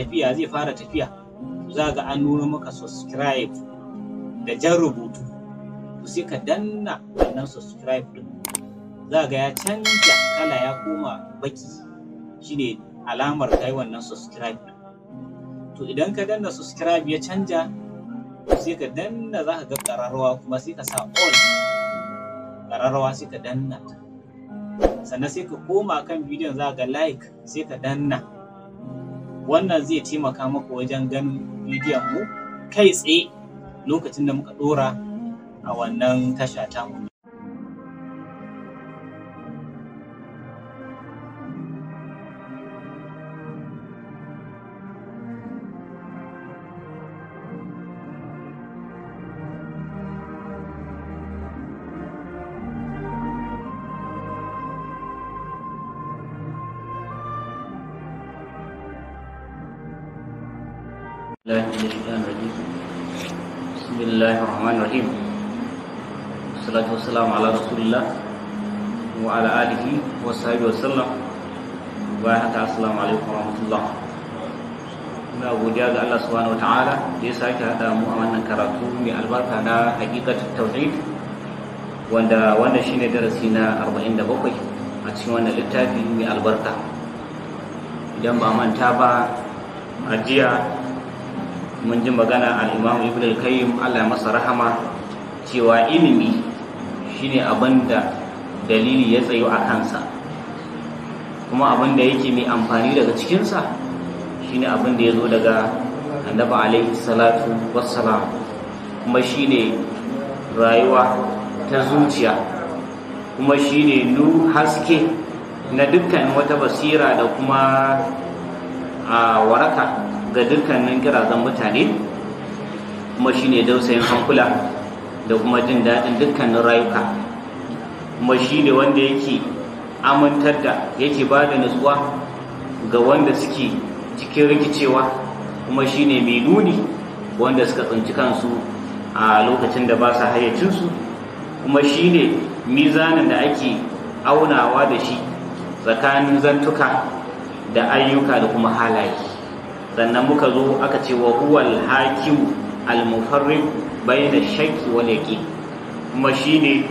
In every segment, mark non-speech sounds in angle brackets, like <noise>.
tafiya zai fara tafiya za ga an nuna maka subscribe da jan rubutu to sai ka danna wannan subscribe din za ga ya canja kala ya koma baki shine alamar kai wannan subscribe din to idan ka danna subscribe ya canja sai ka danna za ka ga ƙararrawa kuma sai ka sa all ƙararrawa sai ka danna sannan sai ka koma kan bidiyon za ga like sai ka danna wannan zai taimaka maku wajen ganin bidiyon mu kai tsaye lokacin da muka ɗora a wannan tasha tamu alaihi wasallam assalamu alaikum ina godiya ga Allah subhanahu wataala da ya sake hada mu a wannan karatu mai albarka na haqiqatul tauhid wanda wannan shine darasi na 47 a cikin wannan littafi mai albarka idan ba manta ba a jiya mun ji magana al-Imam al-Qayyim Allah ya masa rahama cewa ilimi shine abinda dalili ya tsayo a kansa kuma abin da yake mai amfani daga cikinsa shine abin da ya zo daga annaba alaihi salatu wassalam kuma shine rayuwa ta zuciya kuma shine nu haske na dukkan wata basira da kuma a waraka ga dukkanin kirazan mutane kuma shine dausayin hankula da kuma jin daɗin dukkanin rayuka kuma shine wanda yake amintar da yake ba da nutsuwa ga wanda suke cikin rikicewa kuma shine mai nuni wanda suka tsinci kansu a lokacin da ba su hayyacinsu kuma shine mizanin da ake aunawa da shi tsakanin zantuka da ayyuka da kuma halaye sannan muka zo aka ce wa huwal hakim al-mufarriq bayna shakki wal yaqin kuma shine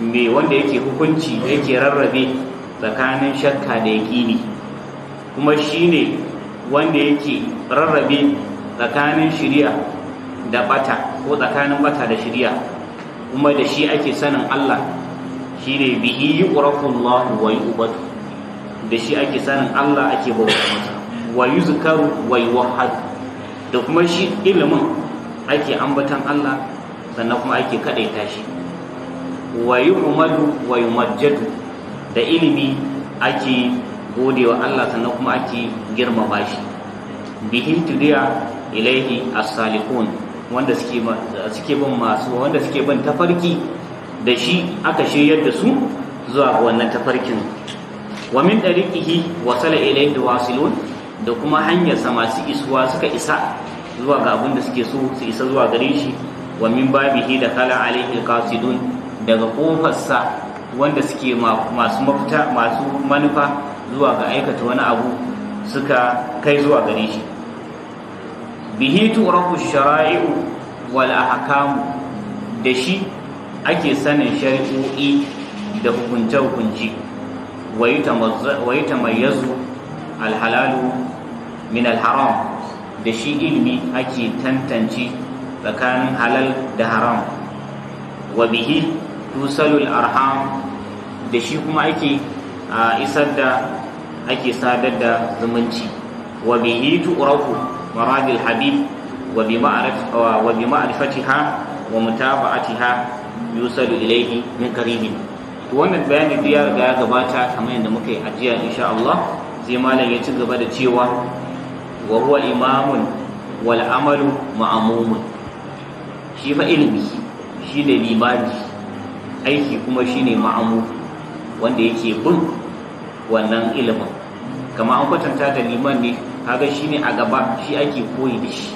me wanda yake hukunci yake rarrabe tsakanin shakka da yaƙini kuma shine wanda yake rarrabe tsakanin shirya da bata ko tsakanin bata da shirya, kuma da shi ake sanin Allah shine bihi yuqrafu Allah wa yu'badu da shi ake sanin Allah ake bauta masa wa yuzkaru wa yuwahhad da kuma shi ilimin ake ambatan Allah sannan kuma ake kadaita shi wa yuhmalu da ilimi ake godewa Allah sannan kuma ake girmama shi bihi tudiya ilaihi as-salihun wanda suke suke bin masu wanda suke bin tafarki da shi aka shiryar da su zuwa wannan tafarkin wa min dariqihi wasala ilaihi wasilun da kuma hanyar sa masu isuwa suka isa zuwa ga abin da suke so su isa zuwa gare shi wa min babihi da kala alaihi qasidun daga kofarsa wanda suke masu mafita masu manufa zuwa ga aikata wani abu suka kai zuwa gare shi bihi turaku shara'i'u wal ahkamu da shi ake sanin shari'o'i da hukunce hukunci wa yatamayyazu al halalu min al haram da shi ilimi ake tantance tsakanin halal da haram wa bihi tusalul arham da shi kuma ake isar da ake sadar da zumunci wa bihi tu'rafu maradil habib wa bi ma'rifatiha wa mutaba'atiha yusalu ilayhi min qaribin to wannan bayani da ya riga ya gabata kamar yadda muka yi ajiya insha Allah sai malam ya ci gaba da cewa wa huwa imamun wal amalu ma'mumun shi fa ilmi shi da limani aiki kuma shine ma'amu wanda yake bin wannan ilimin kama an kwatanta da liman ne kaga shine a gaba shi ake koyi da shi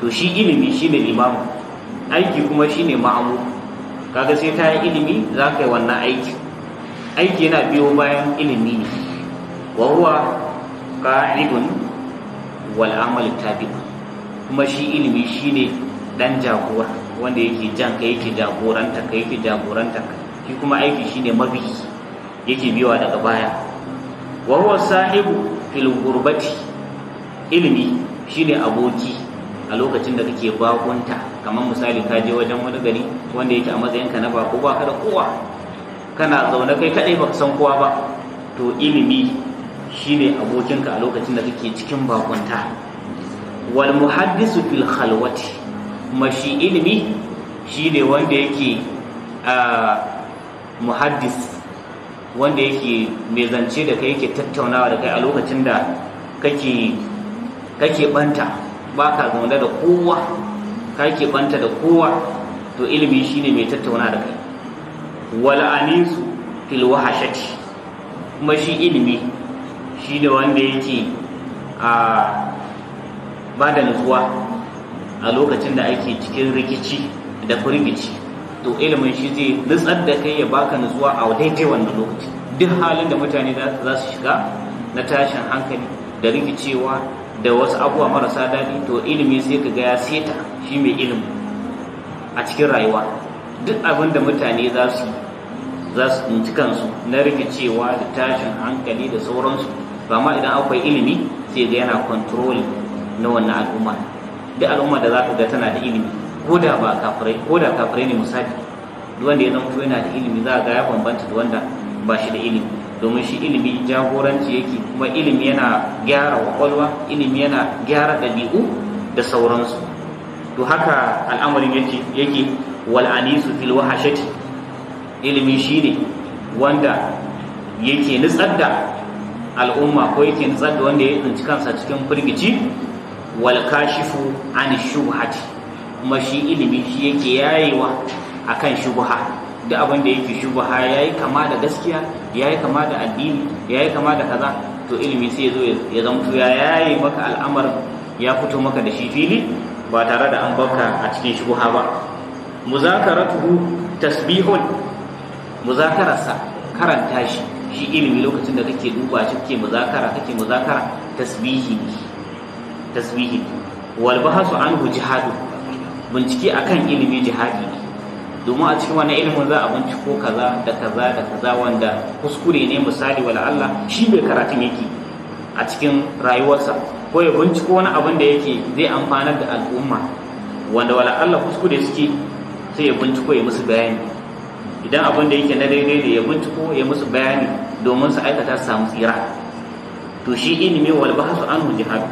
to shi ilimi shine limamu aiki kuma shine ma'amu kaga sai ta yi ilimi za ka yi wannan aiki aiki yana biyo bayan ilimi ne wa huwa qa'idun wal amal tabi kuma shi ilimi shine dan jagora wanda yake jan ka yake jagoranta ka yake jagoranta kuma aiki shine mabi yake biyowa daga baya wa huwa sahibu fil gurbati ilimi shine aboki a lokacin da kake bakunta kamar misali ka je wajen wani gari wanda yake a ka na bako ba ka da kowa kana zaune kai kadai baka san kowa ba to ilimi shine abokinka a lokacin da kake cikin bakunta wal muhaddisu fil khalwati mashi ilimi shi ne wanda yake a muhaddis wanda yake mai zance da kai yake tattaunawa da kai a lokacin da kake banta ba ka zaune da kowa kake banta da kowa to ilimi shi ne mai tattauna da kai wal anisu fil wahashati kuma ilimi shi ne wanda yake a ba da nutsuwa a lokacin da ake cikin rikici da firgici to ilimin shi zai nutsar da kai ya baka nutsuwa a daidai wannan lokaci duk halin da mutane za su shiga na tashin hankali da rikicewa da wasu abubuwa marasa daɗi to ilimi sai ka gaya ya seta shi mai ilimi a cikin rayuwa duk abin da mutane za su za su kansu na rikicewa da tashin hankali da sauransu ba ma idan akwai ilimi sai ga yana kontrol na wannan al'umma duk al'umma da za ka ga tana da ilimi ko da ba kafirai ko da kafirai ne misali duk wanda ya zama yana da ilimi za ga ya bambanta da wanda ba shi da ilimi domin shi ilimi jagoranci yake kuma ilimi yana gyara kwakwalwa ilimi yana gyara ɗabi'u da sauransu to haka al'amarin yake yake wal anisu fil wahashati ilimi shine wanda yake nutsar da al'umma ko yake nutsar da wanda ya tsinci kansa cikin firgici wal kashifu an shubhati kuma shi ilimi shi yake yayewa akan shubha duk abin da yake shubha yayi kama da gaskiya yayi kama da addini yayi kama da kaza to ilimi sai ya ya zamto ya yayi maka al'amar ya fito maka da shi fili ba tare da an baka a cikin shubha ba muzakaratuhu tasbihun muzakararsa karanta shi shi ilimi lokacin da kake duba shi kake muzakara kake muzakara tasbihi tasbihi wal bahasu anhu jihadu bincike akan ilimi jihadi domin a cikin wani ilimin za a binciko kaza da kaza da kaza wanda kuskure ne misali wala Allah shi bai karatun yake a cikin rayuwarsa ko ya binciko wani abin da yake zai amfanar da al'umma wanda wala Allah kuskure suke sai ya binciko ya musu bayani idan abin da yake na daidai ne ya binciko ya musu bayani domin su aikata su samu tsira to shi ilimi wal bahasu anhu jihadu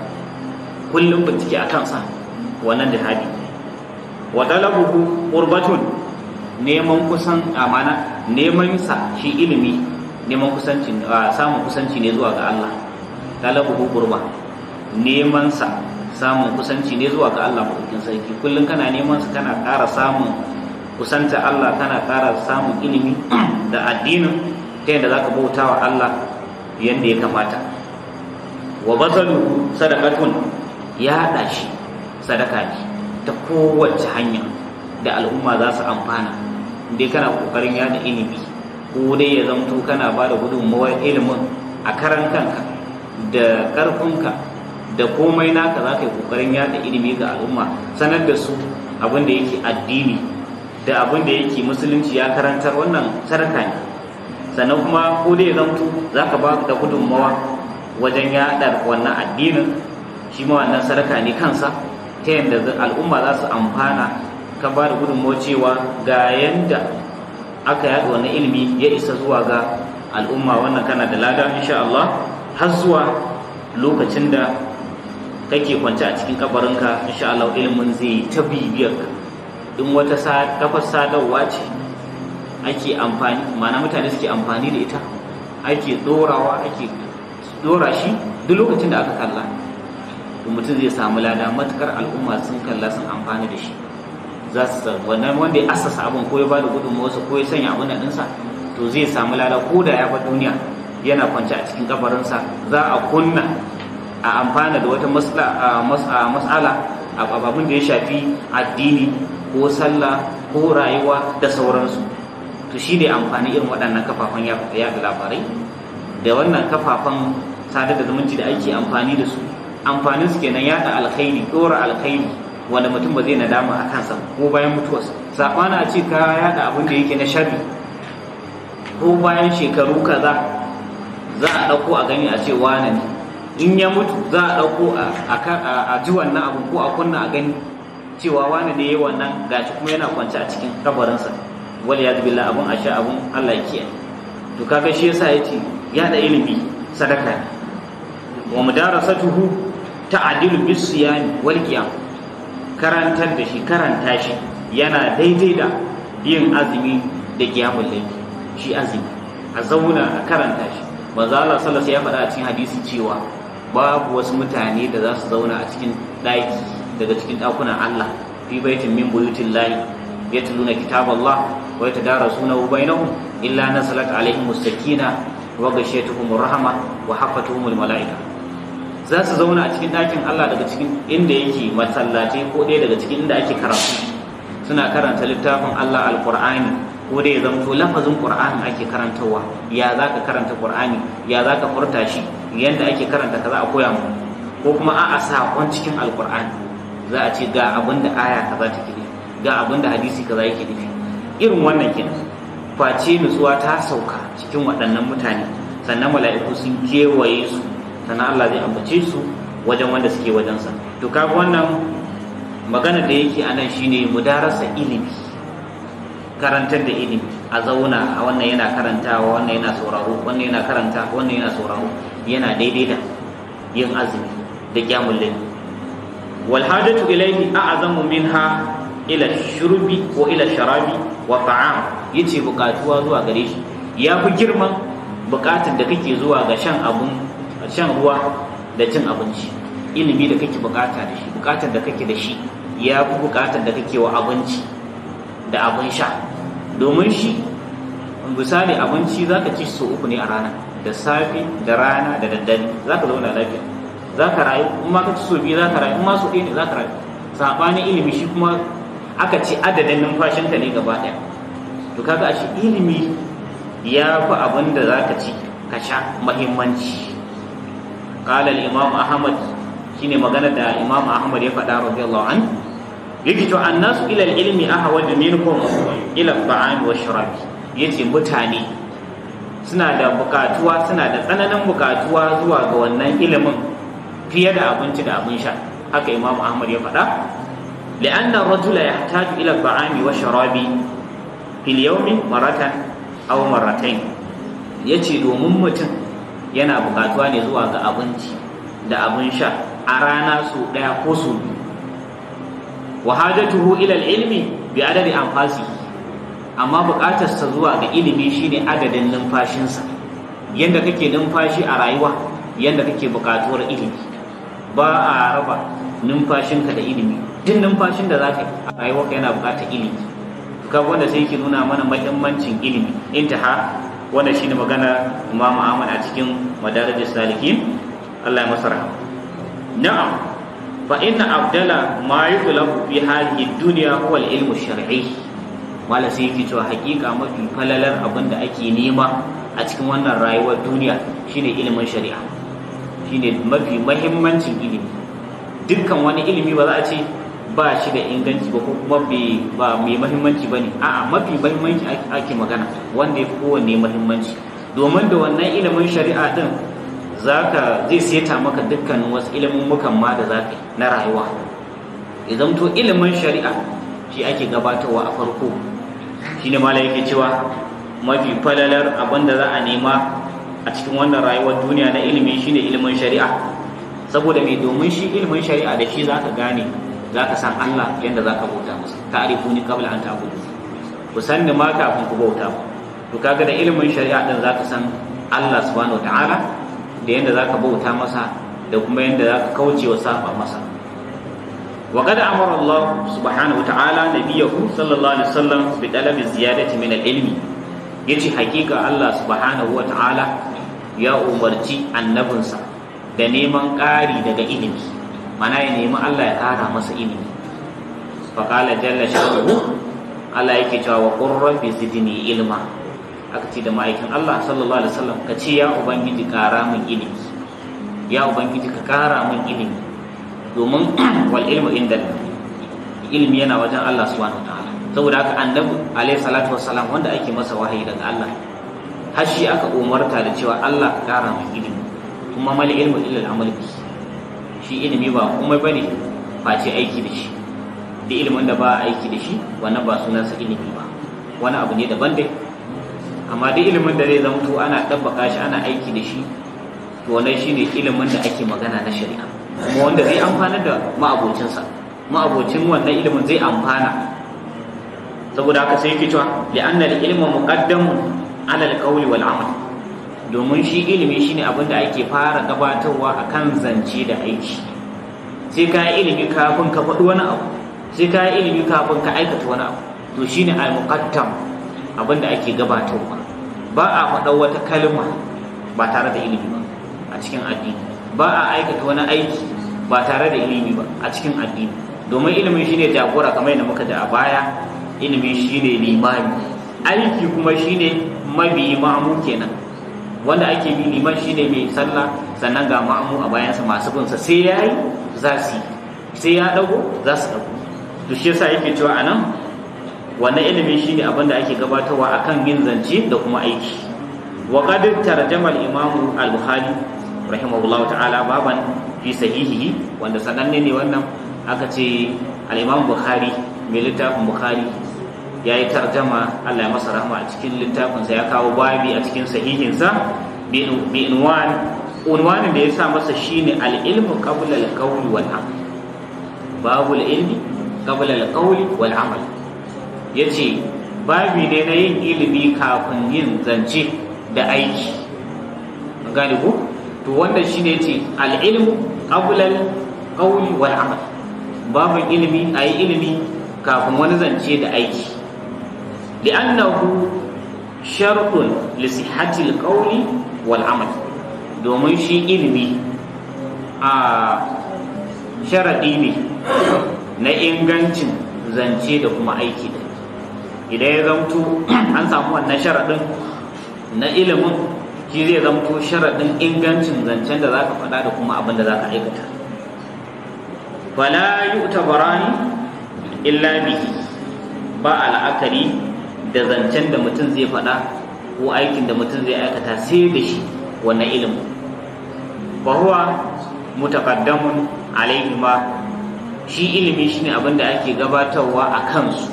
kullum bincike a kansa wannan jihadi wa talabuhu qurbatun neman kusan amana neman sa shi ilimi neman kusanci samun kusanci ne zuwa ga Allah talabuhu qurba neman sa samun kusanci ne zuwa ga Allah madaukin sarki kullum kana neman sa kana ƙara samun kusanta Allah kana ƙara samun ilimi <clears throat> da addinin ta yadda zaka bautawa Allah yadda ya kamata wa bazalu sadaqatun ya haɗa shi sadaka ne ta kowace hanya da al'umma za su amfana dai kana ƙoƙarin yada ilimi ko dai ya zamto kana ba da gudunmawar ilimin a karan kanka da ƙarfinka da komai naka za ka yi ƙoƙarin yada ilimi ga al'umma sanar da su abin da yake addini da abin da yake musulunci ya karantar wannan sadaka ne sannan kuma ko dai ya zamto za ka ba da gudunmawa wajen yaɗa wannan addinin shi ma wannan sadaka ne kansa ta yadda al'umma za su amfana ka ba da gudunmawa cewa ga yadda aka yaɗa wannan ilimi ya isa zuwa ga al'umma wannan kana da lada insha Allah har zuwa lokacin da kake kwance a cikin kabarinka insha Allah ilimin zai ta bibiyar ka in wata kafar sadarwa ce ake amfani ma'ana mutane suke amfani da ita ake dorawa ake dora shi duk lokacin da aka kalla mutum zai samu lada matukar al'umma sun kalla sun amfani da shi za su san wannan wanda ya asasa abin ko ya ba da wasu ko ya sanya abin ɗinsa to zai samu lada ko da ya bar duniya yana kwance a cikin kafarinsa za a kunna a amfana da wata mas'ala a ababin da ya shafi addini ko sallah ko rayuwa da sauransu to shi ne amfani irin waɗannan kafafen yaɗa labarai da wannan kafafen sadar da zumunci da ake amfani da su amfanin su kenan yada alkhairi dora alkhairi wanda mutum ba zai nadama a kansa ko bayan mutuwa sabana a ce ka yada abin da yake na shari ko bayan shekaru kaza za a dauko a gani a ce wane ne in ya mutu za a dauko a ji wannan abu ko a kunna a gani cewa wane ne ya wannan gashi kuma yana kwance a cikin kabarinsa wal ya billah abun asha abun Allah ya kiyaye to kaga shi yasa yace yada ilimi sadaka mu wa mudarasatuhu ta'adilu bisu ya yi walƙiya. karantar da shi karanta shi yana daidai da yin azumi da kyamun layl shi azumi a zauna a karanta shi manzo Allah sallallahu alaihi ya faɗa a cikin hadisi cewa babu wasu mutane da za su zauna a cikin ɗaki daga cikin ɗakunan Allah fi baitin min buyutin lahi yatluna kitaballah wa yatadarasunahu bainahum illa nasalat alaihim as wa ghashiyatuhum kuma rahma wa hafatuhum al-mala'ika za su zauna a cikin ɗakin Allah daga cikin inda yake masallaci ko ɗaya daga cikin inda ake karatu suna karanta littafin Allah alƙur'ani ko dai ya zamto lafazin ƙur'ani ake karantawa ya za ka karanta ƙur'ani ya za ka furta shi yadda ake karanta ka za a koya mu ko kuma a'a saƙon cikin alƙur'ani za a ce ga abin da aya kaza ta kiɗi ga abin da hadisi kaza yake nufi irin wannan kenan face nutsuwa ta sauka cikin waɗannan mutane sannan mala'iku sun kewaye su sannan Allah zai ambace su wajen wanda suke wajensa to kaga wannan magana da yake a nan shine mudarasa ilimi karantar da ilimi a zauna a wannan yana karantawa wannan yana sauraro wannan yana karanta wannan yana sauraro yana daidai da yin azumi da kyamun lalle wal hajatu ilayhi a'zamu minha ila shurbi ko ila sharabi wa ta'am yace bukatuwa zuwa gare shi Ya yafi girman bukatun da kake zuwa ga shan abun shan ruwa da cin abinci ilimi da kake bukata da shi bukatar da kake da shi ya fi bukatar da kake wa abinci da abin sha domin shi misali abinci za ka ci sau uku ne a rana da safe da rana da daddare za ka zauna lafiya za ka rayu in ma ka ci sau biyu za ka rayu in ma sau ɗaya ne za ka rayu saɓanin ilimi shi kuma aka ci adadin numfashinka ne gaba ɗaya to kaga a shi ilimi ya fi abin da za ka ci ka sha muhimmanci qala imam ahmad shine magana da imam ahmad ya faɗa radiyallahu an yake annasu ila ilimi ilmi ahwaju minkum ila al-ta'am wa shurab yace mutane suna da bukatuwa suna da tsananin bukatuwa zuwa ga wannan ilimin fiye da abinci da abin sha haka imam ahmad ya faɗa لأن الرجل يحتاج إلى الطعام والشراب في اليوم مرة أو مرتين yace domin mutum yana bukatuwa ne zuwa ga abinci da abin sha a rana su ɗaya ko su biyu wa hajatuhu ila ilmi bi adadi anfasi amma bukatarsa zuwa ga ilimi shine adadin numfashinsa yanda kake numfashi a rayuwa yanda kake bukatuwar ilimi ba a raba numfashinka da ilimi duk numfashin da zaka a rayuwarka yana bukatar ilimi kaga wanda sai yake nuna mana mahimmancin ilimi intaha wannan shine magana imamu Ahmad a cikin Madarij Salikin Allah ya masara na'am fa inna afdala ma yutlaqu fi hadhihi dunya wal ilmu shar'i wala sai yake cewa hakika mafi falalar abin da ake nema a cikin wannan rayuwar duniya shine ilimin shari'a shine mafi mahimmancin ilimi dukkan wani ilimi ba za a ce ba shi da inganci ba kuma ba mai mahimmanci ba ne a'a mafi mahimmanci ake magana wanda ya fi kowanne mahimmanci domin da wannan ilimin shari'a din zaka zai seta maka dukkanin wasu ilimin mukan ma da zaka na rayuwa idan to ilimin shari'a shi ake gabatarwa a farko shi ne mala yake cewa mafi falalar abin da za a nema a cikin wannan rayuwar duniya na ilimi shine ilimin shari'a saboda mai domin shi ilimin shari'a da shi zaka gane za ka san Allah yadda za ka bauta masa ta'rifu ni kabla an ta'budu ku san ni ma kafin ku bauta ku to kaga da ilimin shari'a din za ka san Allah subhanahu wataala da yadda za ka bauta masa da kuma yadda za ka kauce wa saba masa wa qad amara Allah subhanahu wataala nabiyahu sallallahu alaihi wasallam bi talabi ziyadati min al-ilmi yace hakika Allah subhanahu wataala ya umarci annabinsa da neman ƙari daga ilimi mana ya nemi Allah ya ƙara masa ilimi kala jalla sha'uhu Allah yake cewa wa qurra fi zidni ilma aka ce da ma'aikin Allah sallallahu alaihi wasallam ka ce ya ubangiji ƙara min ilimi ya ubangiji ka ƙara min ilimi domin <clears throat> wal ilmu inda ilimi yana wajen Allah subhanahu wataala saboda haka annabi alaihi salatu wassalam wanda ake masa wahayi daga Allah har shi aka umarta da cewa Allah kara ƙara min ilimi kuma mal ilmu illa al-amal bihi shi ilimi ba komai bane face aiki da shi da ilimin da ba aiki da shi wannan ba sunansa ilimi ba wani abu ne daban dai amma duk ilimin da zai zamto ana ɗabbaka shi ana aiki da shi to wannan shine ilimin da ake magana na shari'a kuma wanda zai amfana da ma'abocinsa ma'abocin wannan ilimin zai amfana saboda haka sai yake cewa li'anna al-ilmu muqaddamun ala al-qawli wal amal domin shi ilimi shine abin da ake fara gabatarwa a kan zance da aiki sai ka yi ilimi kafin ka faɗi wani abu sai ka yi ilimi kafin ka aikata wani abu to shine al-muqaddam abin da ake gabatarwa ba a faɗa wata kalma ba tare da ilimi ba a cikin addini ba a aikata wani aiki ba tare da ilimi ba a cikin addini domin ilimin shine jagora kamar yadda muka da a baya ilimi shine limami aiki kuma shine mabiyi ma'amu kenan wanda ake bi liman shine mai sallah sannan ga ma'amu a bayansa masu bunsa sai ya yi za su sai ya dago za su dago to shi yasa yake cewa anan wannan ilimi shine abin da ake gabatarwa akan yin zance da kuma aiki wa qad tarjamal imam al-bukhari rahimahullahu ta'ala baban fi sahihihi wanda sananne ne wannan aka ce al-imam bukhari mai littafin bukhari ya yi tarjama Allah ya masa rahama a cikin littafinsa ya kawo babi a cikin sahihinsa bi inwan unwanin da ya sa masa shine al-ilmu qabla al-qawli wal amal babu al-ilmi qabla al-qawli wal amal yace babi ne na yin ilimi kafin yin zance da aiki gane ko to wannan shine yace al-ilmu qabla al-qawli wal amal babu ilimi ayi ilimi kafin wani zance da aiki li'annahu shartun li sihhatil qawli domin shi ilimi a sharaɗi ne na ingancin zance da kuma aiki da idan ya zamto an samu wannan sharadin na ilimin shi zai zamto sharaɗin ingancin zancen da zaka faɗa da kuma abin da za ka aikata fala yu'tabarani illa bihi ba al'akari da zancen da mutum zai faɗa ko aikin da mutum zai aikata sai da shi wannan ilimin fa huwa mutaqaddamun alaihi shi ilimi shine abin da ake gabatarwa a kansu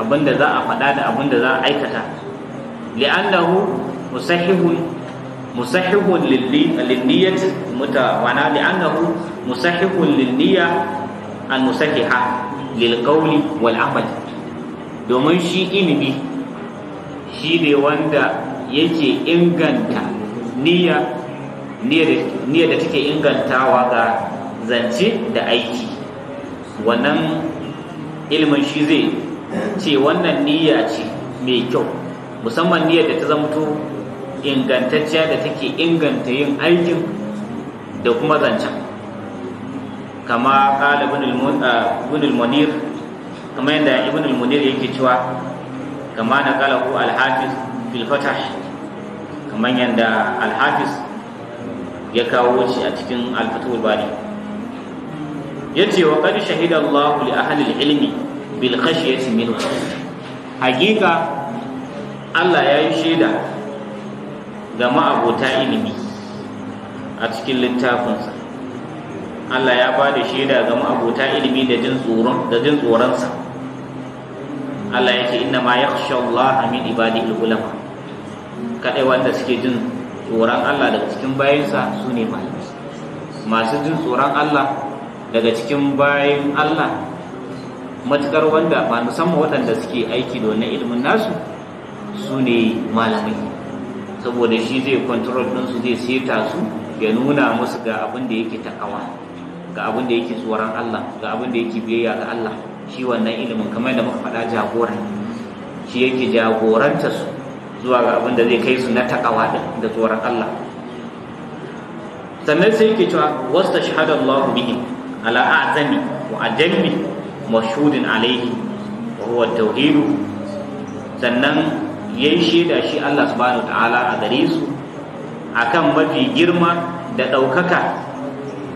abin da za a faɗa da abin da za a aikata li'annahu musahihun musahihun lilniyyat mutawana li'annahu musahihun lilniyya al musahiha lil qawli wal amal domin shi ilimi Shi shine wanda yake inganta niyya niyya da take ingantawa ga zance da aiki wannan ilimin shi zai ce wannan niyya ce mai kyau musamman niyya da ta zamto ingantacciya da take inganta yin aikin da kuma zancen kama ƙalibin ibn al ah, kamar yadda ibn al-munir yake cewa Zama na kalahu alhafiz fil fatah kamar yadda alhafiz ya kawo shi a cikin alfatul bari ya ce wa kadi shahida Allah li ahalil ilmi bil khashiyati hakika Allah ya yi shaida ga ma'abota ilimi a cikin littafinsa Allah ya bada shaida ga ma'abota ilimi da jin tsoronsa Allah ya ce inna ma yakhsha Allah min ibadihi ulama kadai wanda suke jin tsoron Allah daga cikin bayinsa su ne malamai masu jin tsoron Allah daga cikin bayin Allah matukar wanda ba musamman waɗanda suke aiki da wannan ilimin nasu su ne malamai saboda shi zai kwantarar ɗinsu zai seta su ya nuna musu ga abin da yake takawa ga abin da yake tsoron Allah ga abin da yake biyayya ga Allah shi wannan ilimin kamar da muka faɗa jagora shi yake jagoranta su zuwa ga abin da zai kai su na takawa da tsoron Allah sannan sai yake cewa wasta shahada Allah bihi ala azami wa ajalli mashhudin alaihi wa huwa tauhid sannan yayi shaida shi Allah subhanahu ta'ala a gare su akan mafi girma da ɗaukaka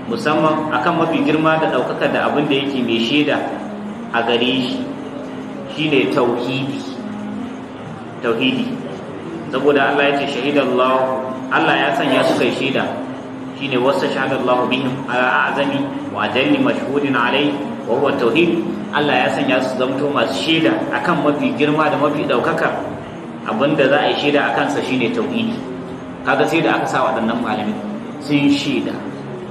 musamman akan mafi girma da ɗaukaka da abin da yake mai shaida a gare shi shine tauhidi tauhidi saboda Allah ya ce shahidallahu Allah ya sanya su kai shaida shine wasa shahadallahu bihim ala azami wa ajalli mashhudin alai wa huwa tauhid Allah ya sanya su zamto masu shaida akan mafi girma da mafi daukaka abinda za a yi shaida a kansa shine tauhidi kaga sai da aka sa waɗannan malami sun shaida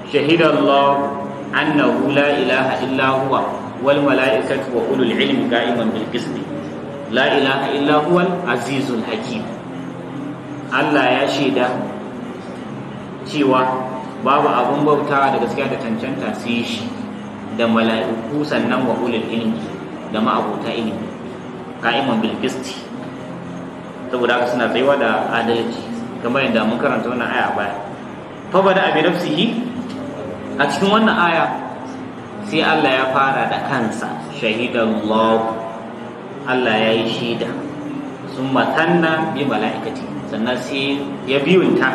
shahidallahu annahu la ilaha illa huwa wal mala'ikatu wa ulul ilmi qa'iman bil qisti la ilaha illa huwal azizul hakim Allah ya shaida cewa babu abun bautawa da gaskiya da cancanta sai shi da mala'iku sannan wa ulul ilmi da ma'abuta ilimi qa'iman bil qisti saboda haka suna tsayuwa da adalci kamar yadda mun karanta wannan aya a baya fa bada abi nafsihi a cikin wannan aya sai Allah ya fara da kansa shahidallahu Allah ya yi shaida sun matanna bi mala'ikati sannan sai ya biyunta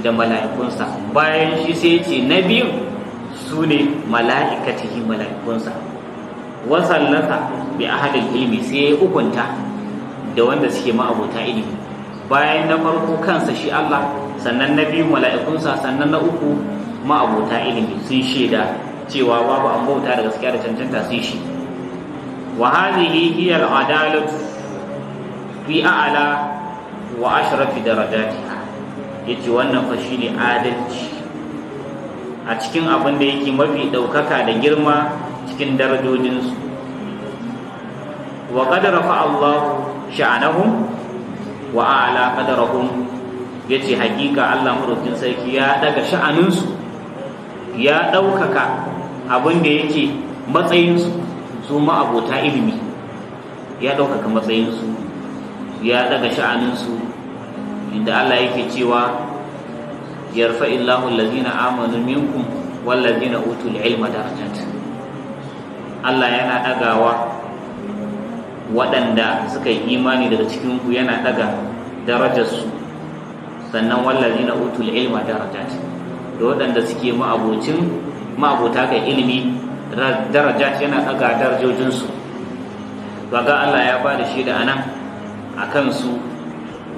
da mala'ikunsa bayan shi sai ce na biyu su ne mala'ikatihi mala'ikunsa wasallata bi ahadin ilimi sai ya yi hukunta da wanda suke ma'abota ilimi bayan na farko kansa shi Allah sannan na biyu mala'ikunsa sannan na uku ma'abota ilimi sun shaida cewa babu an bauta da gaskiya da cancanta sai shi wa hadhihi hiya al-adalatu fi a'la wa ashrafi darajatiha yace wannan fa shine adalci a cikin abin da yake mafi ɗaukaka da girma cikin darajojin su. wa qad rafa Allah sha'anahum wa a'la qadarahum yace hakika Allah madaukin sarki ya daga sha'aninsu ya ɗaukaka abin da yake matsayinsu su ma'abota ilimi ya ɗaukaka matsayinsu ya daga sha'aninsu inda Allah yake cewa yarfa illahu lazina amanu minkum wallazina utul ilma darajat Allah yana ɗagawa waɗanda suka yi imani daga cikin ku yana ɗaga darajarsu sannan wallazina utul ilma darajat da waɗanda suke ma'abocin ma'abota kai ilimi daraja yana daga darajojinsu ga Allah ya ba da shi da anan a kansu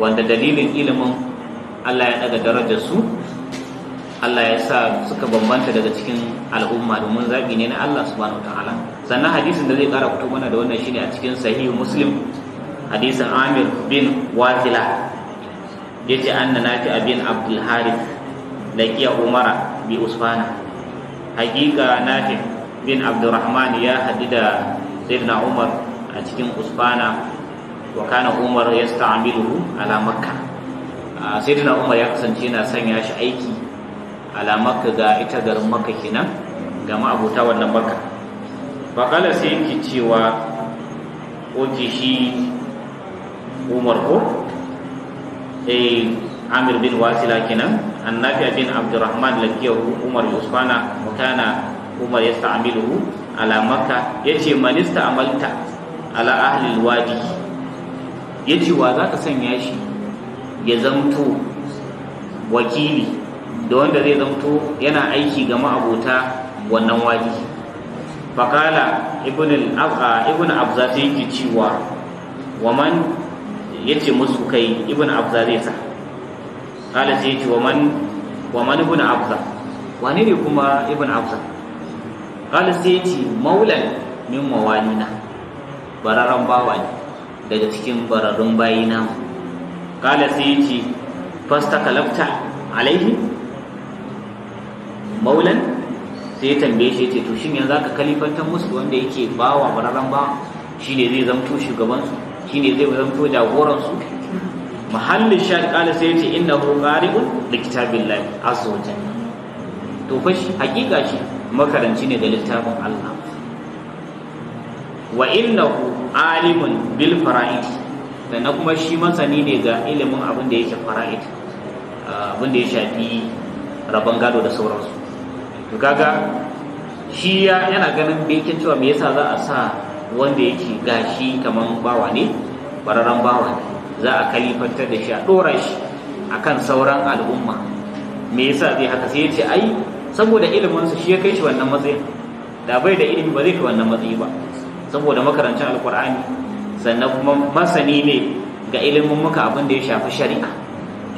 wanda dalilin ilimin Allah ya daga darajarsu Allah ya sa suka bambanta daga cikin al'umma domin zaɓi ne na Allah subhanahu wa ta'ala sannan hadisin da zai ƙara fito mana da wannan shine a cikin sahihu muslim hadisin amir bin wazila yace anna nafi abin abdul harith laqiya umara bi usfana hakika nafi bin abdurrahman ya haɗu da sayyidina umar a cikin usbana wa kana umar yasta'miluhu ala makka sayyidina umar ya kasance yana sanya shi aiki ala makka ga ita garin makka kenan ga ma'abuta wannan makka kala sai yake cewa oke shi umar ko eh amir bin wasila kenan An annabi bin abdurrahman lakiyahu umar usmana mutana umar ya sta'amiluhu ala makka ya ce manista amalta ala ahlil wadi ya ce wa za ka sanya shi ya zamto wakili da wanda zai zamto yana aiki ga ma'abota wannan wadi fakala ibn abza zai yi cewa wa man ya ce musu kai ibn abza zai sa Kala sai yace wa man wa man ibn abza wane ne kuma ibn abza Kala sai ci, maulan min mawalina bararan bawa ne daga cikin bararrun bayina Kala sai fasta kalabta alaihi maulan sai ya tambaye shi ce to shin yanzu aka kalifantar musu wanda yake bawa bararran bawa shine zai zamto shugabansu shine zai zamto jagoransu muhammad shahid kala sai yace 'Inna qari'un li kitabillahi azza wa jalla to fa shi hakika shi makaranci ne da littafin Allah wa innahu alimun bil fara'id na kuma shi masani ne ga ilimin abin da yake fara'id abin da ya shafi rabon gado da sauransu to kaga shi ya yana ganin bekin cewa me yasa za a sa wanda yake gashi kaman bawa ne bararan bawa ne za a kalifantar da shi a ɗora shi kan sauran al'umma me yasa zai haka sai ya ce ai saboda iliminsa shi ya kai shi wannan matsayin da bai da ilimi ba zai kai wannan matsayi ba saboda makarancin alkur'ani sannan kuma masani ne ga ilimin muka abin da ya shafi shari'a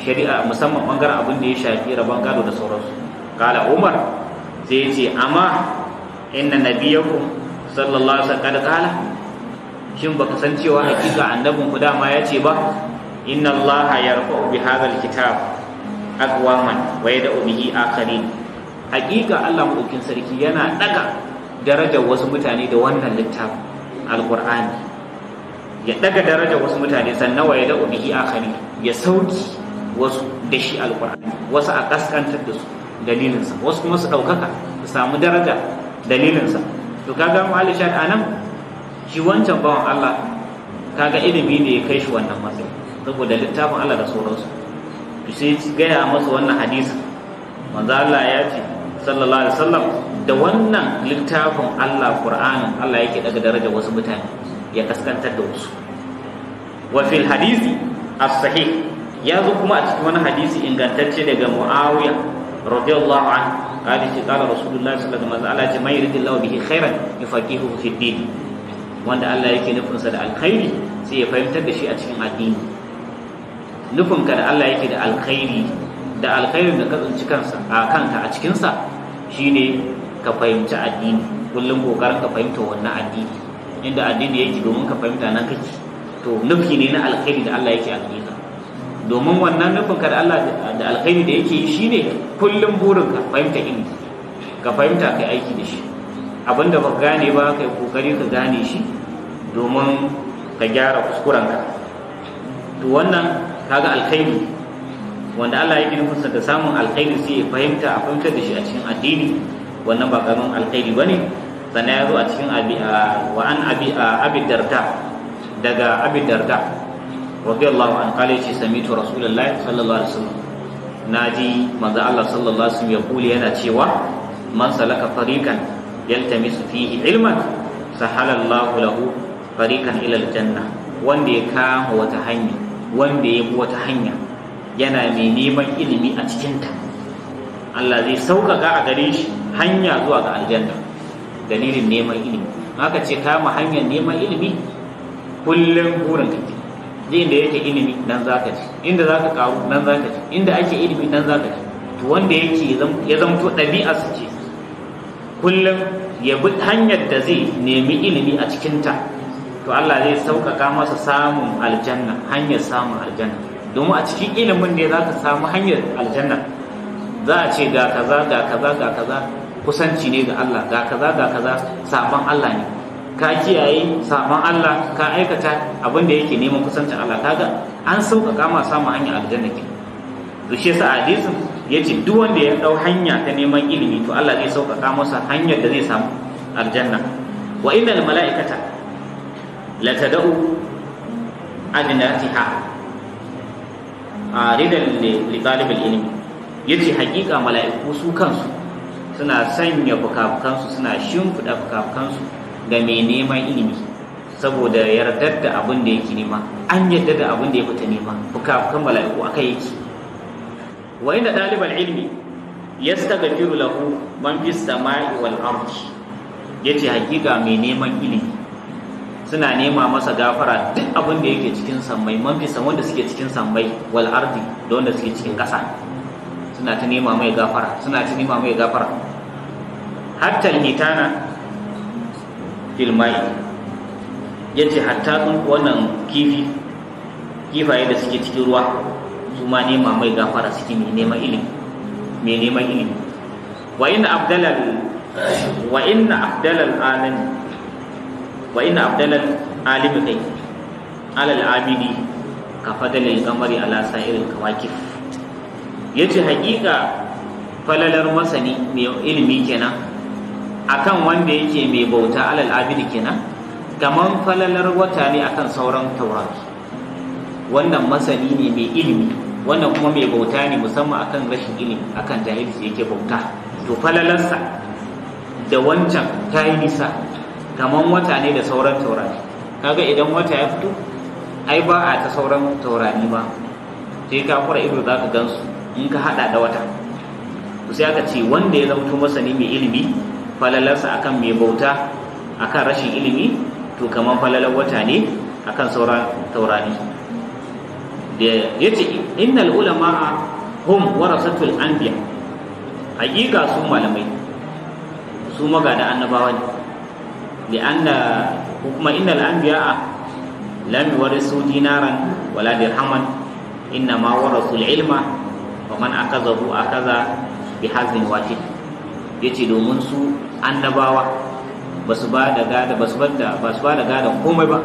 shari'a musamman bangaren abin da ya shafi rabon gado da sauransu kala umar sai ya ce amma inna nabiyakum sallallahu alaihi wasallam kala shin baka san cewa hakika annabin ku dama ya ce ba inna Allah yarfa'u bi hadha kitab aqwaman wa yad'u bihi akharin hakika Allah madaukin sarki yana daga darajar wasu mutane da wannan littafin alqur'ani ya daga darajar wasu mutane sannan wa yad'u bihi akharin ya sauki wasu da shi alqur'ani wasu a kaskantar da su dalilinsa wasu kuma su ɗaukaka su samu daraja dalilinsa to kaga mu alishad anan shi wancan bawan Allah kaga ilimi ne ya kai shi wannan matsayi saboda littafin Allah da sauransu to sai gaya masa wannan hadisi manzo Allah ya ce sallallahu alaihi wasallam da wannan littafin Allah Qur'anin Allah yake daga daraja wasu mutane ya kaskantar da wasu wa fil hadisi as-sahih ya zo kuma a cikin wani hadisi ingantacce daga Muawiya radiyallahu anhu قال قال رسول الله صلى الله عليه وسلم ما يريد الله به خيرا يفقهه في الدين wanda Allah yake nufinsa da alkhairi sai ya fahimtar da shi a cikin addini nufinka da Allah yake da alkhairi da alkhairin da ka tsinci kansa a kanka a cikinsa shine ka fahimci addini kullum kokarin ka fahimta wannan addini inda addini yake domin ka fahimta nan kake to nufi ne na alkhairi da Allah yake addini domin wannan nufinka da Allah da alkhairi da yake shine kullum burinka fahimta ilimi ka fahimta kai aiki da shi abin da baka gane ba kai kokari ka gane shi domin ka gyara kuskurenka to wannan kaga alkhairi wanda Allah ya gina musu da samun alkhairi sai ya fahimta a fahimtar da shi a cikin addini wannan ba karamin alkhairi bane sannan ya zo a cikin abi wa an abi abi darda daga abi darda Allah an kale shi to rasulullahi sallallahu alaihi wasallam naji manzo Allah sallallahu alaihi wasallam ya kuli yana cewa man salaka fariqan yaltamisu fihi ilman sahala Allahu lahu fariqan ila aljanna wanda ya kama wata hanya wanda ya bi wata hanya yana mai neman ilimi a cikinta Allah zai sauƙaƙa a gare shi hanya zuwa ga aljanna dalilin neman ilimi haka ce kama hanyar neman ilimi kullum burin kake inda yake ilimi nan za ka ci inda za ka karu nan za ka ci inda ake ilimi nan za ka ci to wanda yake ya zamto ɗabi'a su ce kullum ya bi hanyar da zai nemi ilimi a cikinta to Allah zai sauƙaƙa masa samun aljanna hanyar samun aljanna domin a cikin ilimin ne za ka samu hanyar aljanna za a ce ga kaza ga kaza ga kaza kusanci ne ga Allah ga kaza ga kaza sabon Allah ne ka kiyaye sabon Allah ka aikata abin da yake neman kusancin Allah kaga an sauƙaƙa ma samun hanyar aljanna ke to shi yasa hadisin ya ce duk wanda ya ɗau hanya ta neman ilimi to Allah zai sauƙaƙa masa hanyar da zai samu aljanna wa innal mala'ikata la tad'u adnatiha da li ilimi, ilmi yace haƙiƙa mala'iku su kansu suna sanya fukafukansu suna shimfiɗa fukafukansu ga mai neman ilimi saboda yardar da abin da yake nema an yarda da abin da ya fita nema fukafukan mala'iku akai yake wa inda ɗaliban ilmi yastaghfiru lahu man fis samai wal ardi yace hakika mai neman ilimi suna nema masa gafara duk abin da yake cikin sammai man fis wanda suke cikin sammai wal ardi da wanda suke cikin ƙasa suna ta nema mai gafara suna ta nema mai gafara hatta litana fil mai yace hatta wannan kifi kifaye da suke cikin ruwa ma nema mai gafara suke mai neman ilimi mai neman ilimi wa inna abdalal wa inna abdalal alim wa inna abdalal alim kai alal abidi ka fadala kamari ala sa'iril kawakif yace hakika falalar masani mai ilimi kenan akan wanda yake mai bauta alal abidi kenan kaman falalar wata ne akan sauran taurari wannan masani ne mai ilimi wannan kuma mai bauta ne musamman akan rashin ilimi akan jahilci yake bauta to falalarsa da wancan ta yi nisa kamar wata ne da sauran taurari kaga idan wata ya fito ai ba a ta sauran taurari ba sai ka kura ido za ka gansu in ka hada da wata to sai aka ce wanda ya zamto masani mai ilimi falalarsa akan mai bauta akan rashin ilimi to kamar falalar wata ne akan sauran taurari da yace innal ulama hum warasatul anbiya hakika su malamai su magada annabawa ne da anna kuma innal anbiya lam yawarisu dinaran wala dirhaman inna ma warasul ilma wa man akazahu akaza bi hazin wahid yace domin su annabawa basu ba da gada basu ba da basu ba da gada komai ba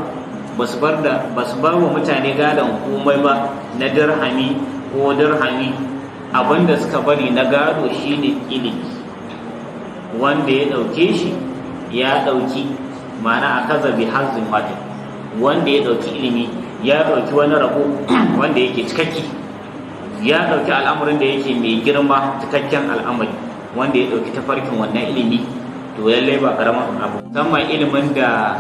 ba su bar da ba wa mutane gadon komai ba na dirhami ko dirhami abinda suka bari na gado shine ilimi wanda ya dauke shi ya dauki, mana a kaza bi hazin wato wanda ya dauki ilimi ya dauki wani rabo <clears throat> wanda yake cikakke ya dauki al'amarin da yake mai girma cikakken al'amari wanda ya dauki tafarkin wannan ilimi to lallai ba karamin abu musamman ilimin da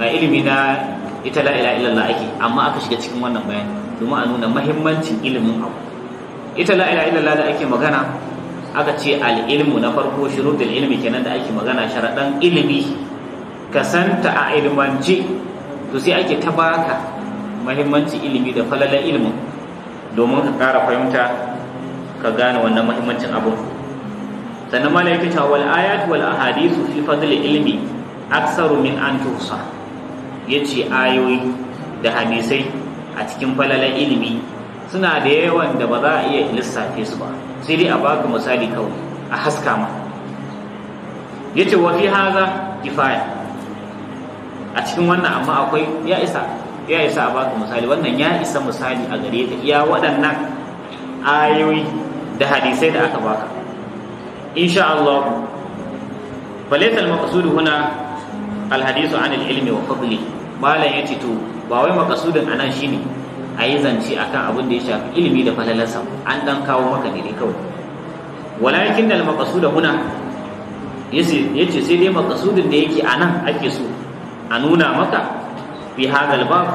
a ilimi na ita la ilaha illallah ake amma aka shiga cikin wannan bayani domin a nuna mahimmancin ilimin abu ita la ilaha illallah da ake magana aka ce al-ilmu na farko shurutul ilmi kenan da ake magana sharadan ilimi ka ta a ilmanci to sai ake tabaka baka mahimmancin ilimi da falala ilimi domin ka ƙara fahimta ka gane wannan mahimmancin abu sannan malaikata wal ayat wal ahadithu fi fadli ilmi aksaru min an tuhsa ya ce ayoyi da hadisai a cikin falalar ilimi suna da yawan da ba za a iya lissafe su ba sai dai a baka misali kawai a haska ma ya ce wafi haza kifaya a cikin wannan amma akwai ya isa ya isa a baka misali wannan ya isa misali a gare ta iya waɗannan ayoyi da hadisai da aka baka insha Allah falaisal maqsud huna الحديث عن wa وفضله malam ya ce to ba wai makasudin anan shine a yi zance akan abin da ya shafi ilimi da falalarsa an dan kawo maka ne kawai walakin da makasuda huna yace sai dai makasudin da yake anan ake so a nuna maka fi hadal bab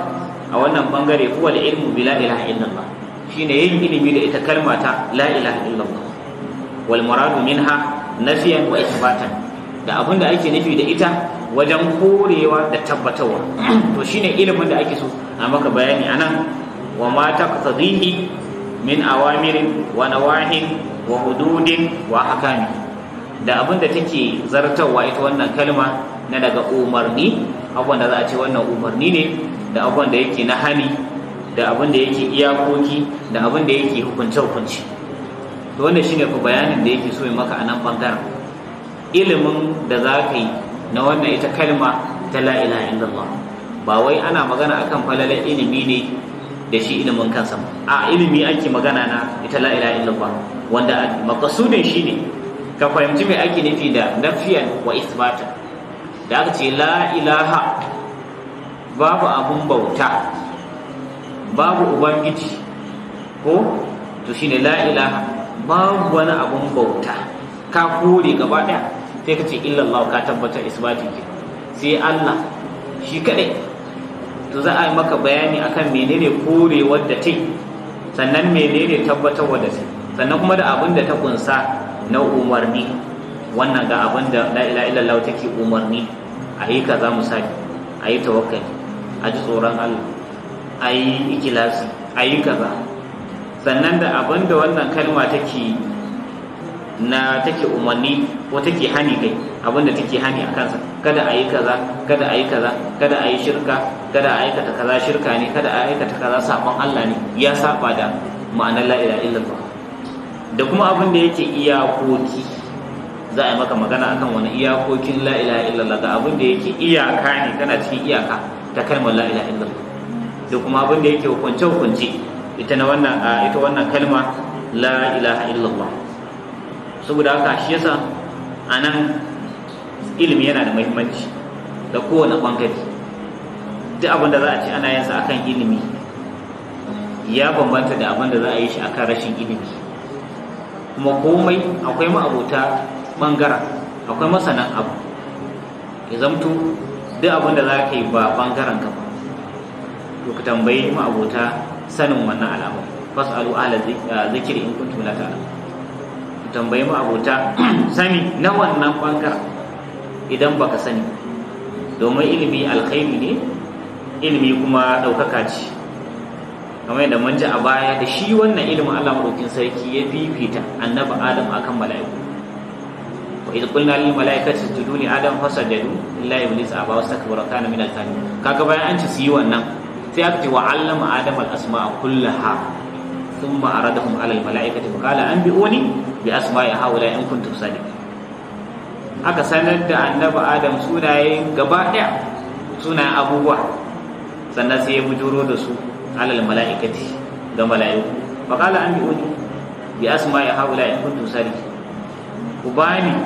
a wannan bangare huwa ilmu bi la ilaha illallah shine yin ilimi da ita kalma ta la ilaha illallah wal muradu minha nafiyan wa ithbatan da abin da ake nufi da ita wajen korewa da tabbatarwa <clears throat> to shine ilimin da ake so a maka bayani a nan wa mata taqtadihi min awamirin wa nawahin wa hududin wa hakami da abin da take zartarwa ita wannan kalma na daga umarni abubuwan da za a ce wannan umarni ne da abubuwan da yake na hani da abin da yake iyakoki da abin da yake hukunce hukunci to wannan shine ku bayanin da yake so maka a nan bangaren ilimin da za ka yi na wannan ita kalma ta la ilaha Allah ba wai ana magana akan falalar ilimi ne da shi ilimin kansa a ilimi ake magana na ita in ilaha Allah wanda makasudin shi ne ka fahimci mai ake nufi da nafiyan wa isbata da aka ce La'ilaha, babu abun bauta babu ubangiji ko to shine ne babu wani abun bauta ka kore gaba daya sai ka ce illallah ka tabbatar isbatin ke sai Allah shi kadai to za a yi maka bayani akan menene kore wadda ta sannan menene tabbatar wadda ta sannan kuma da abin da ta kunsa na umarni wannan ga abin da la ilaha illallah take umarni a yi kaza sani, a yi tawakkali a ji tsoron Allah a yi ikilasi a yi kaza sannan da abin da wannan kalma take na take umarni ko take hani kai abinda take hani a kansa kada a yi kaza kada a yi kaza kada a yi shirka kada a aikata kaza shirka ne kada a aikata kaza sabon Allah ne ya saba da ma'anar la ilaha illallah da kuma abin da yake iyakoki za a yi maka magana akan wani iyakokin la ilaha illallah ga abin da yake iyaka ne kana cikin iyaka ta kalmar la ilaha illallah da kuma abin da yake hukunce hukunce ita na wannan ita wannan kalma la ilaha illallah saboda haka shi yasa a nan ilimi yana da muhimmanci da kowane ɓangare duk abin da za a ce ana yin sa akan ilimi ya bambanta da abin da za a yi shi akan rashin ilimi kuma komai akwai ma'abuta ɓangaren akwai masanan abu ya zamto duk abin da za ka yi ba ɓangaren ka ba to ka tambayi ma'abuta sanin wannan alama fasalu ala zikiri in kuntum la ta'lamun tambayi ma abota <clears throat> sami na wannan banka idan baka sani domin ilimi alkhairi ne ilimi kuma ɗaukaka ce kamar yadda mun ji a baya da shi wannan ilimin Allah madaukin sarki ya fifita annabi Adam akan mala'iku wa idh qulna lil mala'ikati isjudu li adam fasajadu illa iblis aba wastakbara kana min al-kafirin kaga bayan an ci su yi wannan sai aka ce wa allama adam al-asma'a kullaha ثم عرضهم على الملائكة فقال أنبئوني بأسماء هؤلاء إن كنتم صادقين aka sanar da annabi adam sunayen gaba ɗaya suna abubuwa sannan sai ya bujuro da su alal mala'ikati ga mala'iku kala an bi'uni bi asma ya haula in kuntum sari ku bani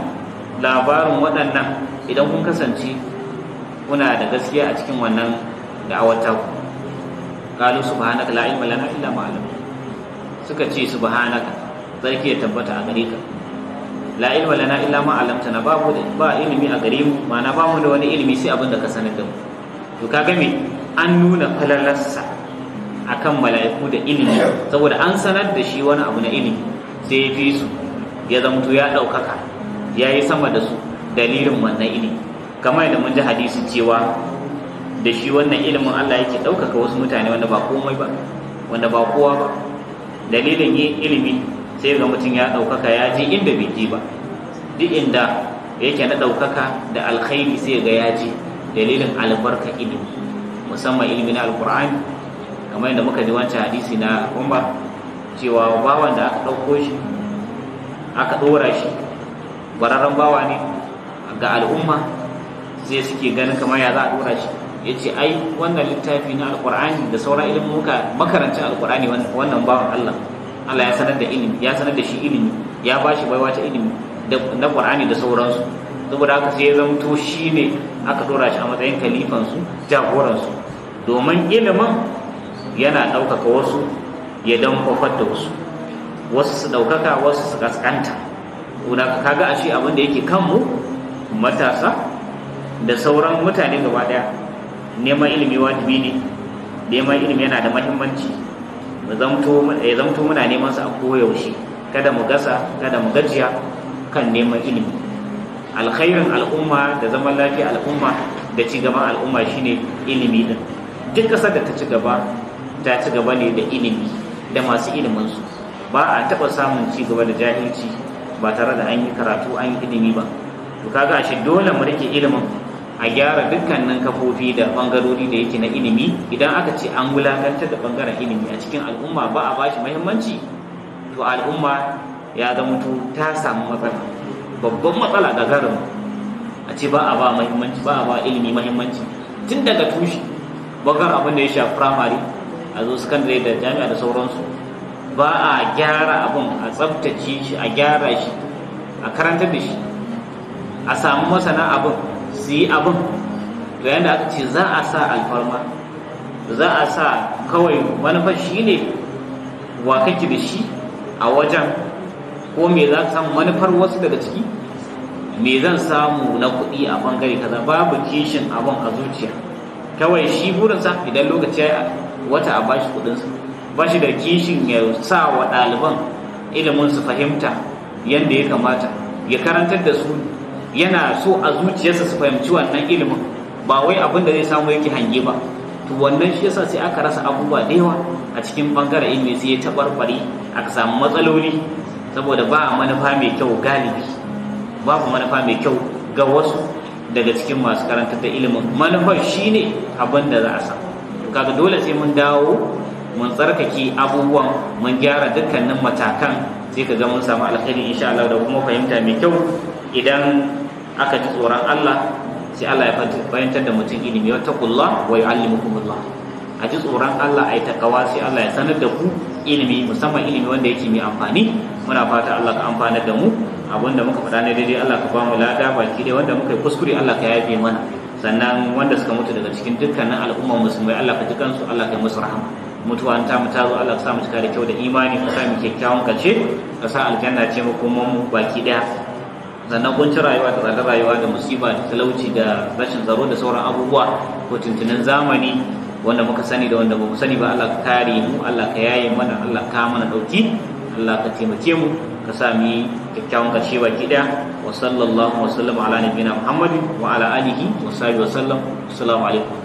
labarin waɗannan idan kun kasance kuna da gaskiya a cikin wannan da'awar ku qalu subhanaka la ilma lana illa ma 'allamtana suka ce subhanaka zarki ya tabbata a gare ka la ilma lana illa ma alamtana babu ba ilimi a gare mu ma'ana ba mu da wani ilimi sai abin da ka sanar da mu to kaga me an nuna falalarsa kan mala'iku da ilimi saboda an sanar da shi wani abu na ilimi sai ya fi su ya zamto ya ɗaukaka ya yi sama da su dalilin wannan ilimi kamar da mun ji hadisi cewa da shi wannan ilimin Allah yake ɗaukaka wasu mutane wanda ba komai ba wanda ba kowa ba dalilin yin ilimi sai ga mutum ya ɗaukaka ya ji inda bai ji ba duk inda yake na ɗaukaka da alkhairi sai ga ya ji dalilin albarka ilimi musamman ilimi na alkur'ani kamar yadda muka ji wancan hadisi na umar cewa bawan da aka ɗauko shi aka ɗora shi bararren bawa ne ga al'umma sai suke ganin kamar ya za a ɗora shi ya ce ai wannan littafi na alkur'ani da sauran ilimin muka makarancin alkur'ani wannan bawan allah allah ya sanar da ilimi ya sanar da shi ilimi ya ba shi baiwa ta ilimi na qur'ani da sauransu saboda haka sai ya zamto shi ne aka dora shi a matsayin kalifansu jagoransu domin ilimin yana ɗaukaka wasu ya dan da wasu wasu su ɗaukaka wasu su kaskanta kuna kaga ashe abin da yake kanmu matasa da sauran mutane gaba ɗaya neman ilimi wajibi ne neman ilimi yana da mahimmanci mu zamto ya zamto muna neman sa a koyaushe kada mu gasa kada mu gajiya kan neman ilimi alkhairin al'umma da zaman lafiya al'umma da ci gaban al'umma shine ilimi din duk kasar da ta ci gaba ta ci gaba ne da ilimi da masu ilimin su ba a taɓa samun ci gaba da jahilci ba tare da an yi karatu an yi ilimi ba to kaga ashe dole mu rike ilimin a gyara dukkanin kafofi da bangarori da yake na ilimi idan aka ce an wulakantar da bangaren ilimi a cikin al'umma ba a bashi muhimmanci to al'umma ya zama ta samu matsala babban matsala ga garin a ce ba a ba muhimmanci ba a ba ilimi muhimmanci tun daga tushe bangar abin da ya shafi firamare a zo sakandare da jami'a da sauransu ba a gyara abin a tsabtace shi a gyara shi a karantar da shi a samu masana abin su yi abin da yadda aka ce za a sa alfarma za a sa kawai manufar shi ne wa kake da shi a wajen ko me za ka samu manufar wasu daga ciki me zan samu na kuɗi a bangare kaza babu kishin abin a zuciya kawai shi burinsa idan lokaci ya wata a bashi kuɗinsa ba shi da kishin ya sa wa ɗaliban ilimin su fahimta yadda ya kamata ya karantar da su yana so a zuciyarsa su fahimci wannan ilimin ba wai abin da zai samu yake hange ba to wannan shi yasa sai aka rasa abubuwa da yawa a cikin bangare ilimi sai ya tabarbare aka samu matsaloli saboda ba manufa mai kyau galibi babu manufa mai kyau ga wasu daga cikin masu karanta da ilimin manufar shine abin da za a sa kaga dole sai mun dawo mun tsarkake abubuwan mun gyara dukkanin matakan sai ka ga mun samu alƙalin insha Allah da kuma fahimta mai kyau idan aka ji tsoron Allah sai Allah ya fahimtar da mutum ilimi wata kulla wa yu'allimukumullah a ji tsoron Allah a yi takawa sai Allah ya sanar da ku ilimi musamman ilimi wanda yake mai amfani muna fata Allah ka amfanar da mu abinda muka faɗa ne daidai Allah ka ba mu lada baki dai wanda muka yi kuskure Allah ka yafe mana sannan wanda suka mutu daga cikin dukkanin al'ummar musulmai Allah ka tukan su Allah ka yi musu rahama mutuwa ta mu zo Allah ka sa mu cika da kyau da imani ka sa mu kyakkyawan kace ka sa aljanna ce mu kuma mu baki daya sannan kuncin rayuwa da tsadar rayuwa da musiba da talauci da rashin tsaro da sauran abubuwa ko tuntunan zamani wanda muka sani da wanda muka sani ba Allah ka kare mu Allah ka yaye mana Allah ka mana dauki Allah ka taimake mu ka sa mu kyakkyawan karshe baki daya wa sallallahu wa sallam ala nabiyina Muhammadin wa ala alihi wa sahbihi wa sallam assalamu alaikum